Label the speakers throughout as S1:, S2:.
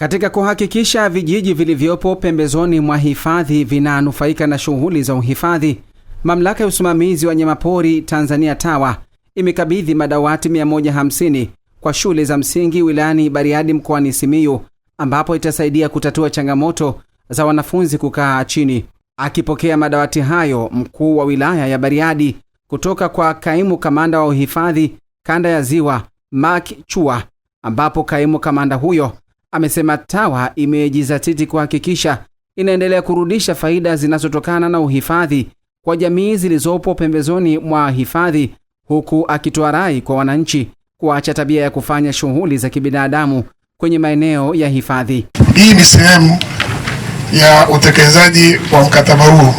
S1: Katika kuhakikisha vijiji vilivyopo pembezoni mwa hifadhi vinanufaika na shughuli za uhifadhi, Mamlaka ya Usimamizi wa Wanyamapori Tanzania TAWA imekabidhi madawati 150 kwa shule za msingi wilayani Bariadi mkoani Simiyu ambapo itasaidia kutatua changamoto za wanafunzi kukaa chini. Akipokea madawati hayo, mkuu wa wilaya ya Bariadi kutoka kwa kaimu kamanda wa uhifadhi kanda ya Ziwa Mark Chua, ambapo kaimu kamanda huyo amesema TAWA imejizatiti kuhakikisha inaendelea kurudisha faida zinazotokana na uhifadhi kwa jamii zilizopo pembezoni mwa hifadhi, huku akitoa rai kwa wananchi kuacha tabia ya kufanya shughuli za kibinadamu kwenye maeneo ya hifadhi.
S2: Hii ni sehemu ya utekelezaji wa mkataba huu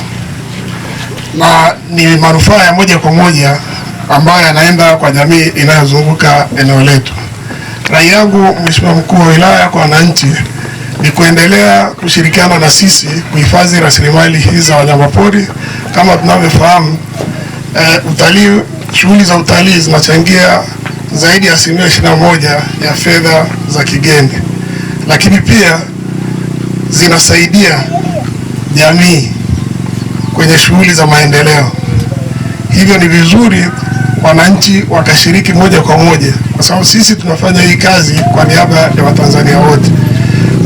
S2: na ni manufaa ya moja kwa moja ambayo yanaenda kwa jamii inayozunguka eneo letu. Rai yangu Mheshimiwa mkuu wa wilaya, kwa wananchi ni kuendelea kushirikiana na sisi kuhifadhi rasilimali hizi za wanyamapori. Kama tunavyofahamu, e, utalii, shughuli za utalii zinachangia zaidi ya asilimia 21 ya fedha za kigeni, lakini pia zinasaidia jamii kwenye shughuli za maendeleo, hivyo ni vizuri wananchi wakashiriki moja kwa moja, kwa sababu sisi tunafanya hii kazi kwa niaba ya Watanzania wote.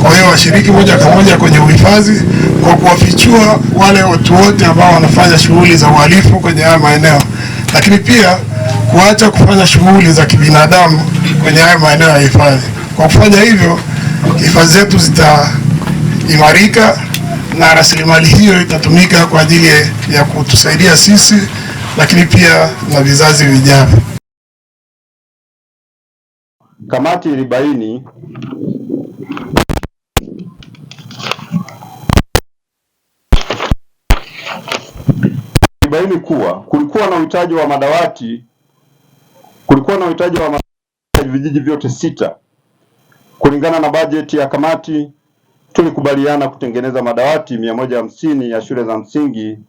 S2: Kwa hiyo washiriki moja kwa moja kwenye uhifadhi kwa kuwafichua wale watu wote ambao wanafanya shughuli za uhalifu kwenye haya maeneo, lakini pia kuacha kufanya shughuli za kibinadamu kwenye haya maeneo ya hifadhi. Kwa kufanya hivyo, hifadhi zetu zitaimarika na rasilimali hiyo itatumika kwa ajili ya kutusaidia sisi lakini pia na vizazi vijavyo.
S3: Kamati ilibaini ilibaini kuwa kulikuwa na uhitaji wa madawati kulikuwa na uhitaji wa madawati vijiji vyote sita. Kulingana na bajeti ya kamati, tulikubaliana kutengeneza madawati mia moja hamsini ya shule za msingi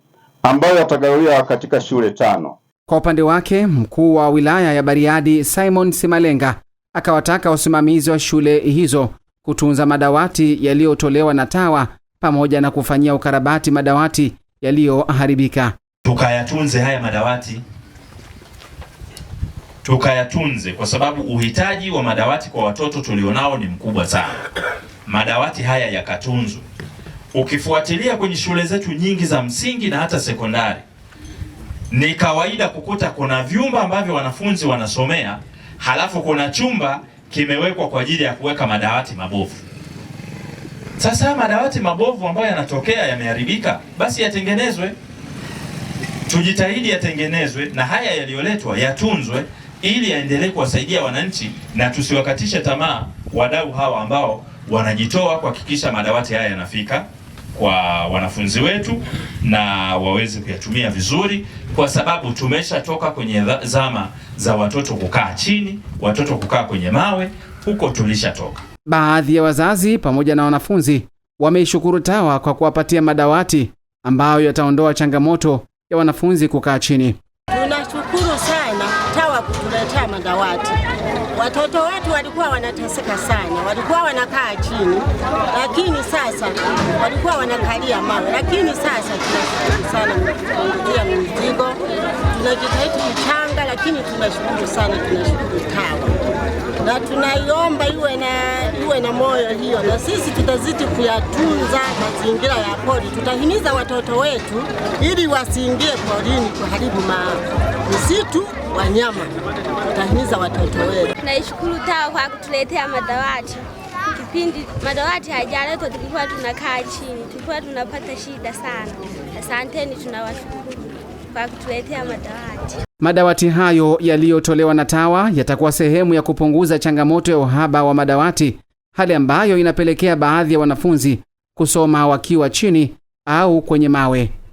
S3: ambayo yatagawiwa katika shule tano.
S1: Kwa upande wake, mkuu wa wilaya ya Bariadi Simon Simalenga akawataka wasimamizi wa shule hizo kutunza madawati yaliyotolewa na TAWA pamoja na kufanyia ukarabati madawati yaliyoharibika.
S4: Tukayatunze haya madawati, tukayatunze kwa sababu uhitaji wa madawati kwa watoto tulionao ni mkubwa sana. Madawati haya yakatunzwe. Ukifuatilia kwenye shule zetu nyingi za msingi na hata sekondari, ni kawaida kukuta kuna vyumba ambavyo wanafunzi wanasomea, halafu kuna chumba kimewekwa kwa ajili ya kuweka madawati mabovu. Sasa madawati mabovu ambayo yanatokea yameharibika, basi yatengenezwe, tujitahidi yatengenezwe, na haya yaliyoletwa yatunzwe ili yaendelee kuwasaidia wananchi na tusiwakatishe tamaa wadau hawa ambao wanajitoa kuhakikisha madawati haya yanafika kwa wanafunzi wetu na waweze kuyatumia vizuri, kwa sababu tumeshatoka kwenye zama za watoto kukaa chini, watoto kukaa kwenye mawe, huko tulishatoka.
S1: Baadhi ya wazazi pamoja na wanafunzi wameishukuru TAWA kwa kuwapatia madawati ambayo yataondoa changamoto ya wanafunzi kukaa chini.
S5: Tunashukuru sana TAWA kutuletea madawati. Watoto wetu walikuwa wanateseka sana, walikuwa wanakaa chini, lakini sasa walikuwa wanakalia mawe, lakini sasa tunashukuru sana kupungukia mzigo, tunajitahidi mchanga, lakini tunashukuru sana, tunashukuru TAWA na tunaiomba iwe na, iwe na moyo hiyo, na sisi tutazidi kuyatunza mazingira ya pori. Tutahimiza watoto wetu ili wasiingie porini kuharibu ma misitu wanyama. Tutahimiza watoto wetu.
S6: Naishukuru TAWA kwa kutuletea madawati. Kipindi madawati hayajaletwa, tulikuwa tunakaa chini, tulikuwa tunapata shida sana. Asanteni, tunawashukuru kwa kutuletea madawati.
S1: Madawati hayo yaliyotolewa na TAWA yatakuwa sehemu ya kupunguza changamoto ya uhaba wa madawati, hali ambayo inapelekea baadhi ya wanafunzi kusoma wakiwa chini au kwenye mawe.